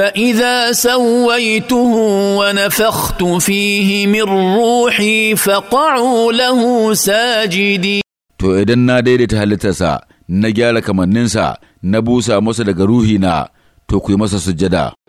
فاذا سويته ونفخت فيه من روحي فقعوا له ساجدين to idan na daidaita halittarsa na gyara kamanninsa na busa masa daga ruhina to ku yi masa sujjada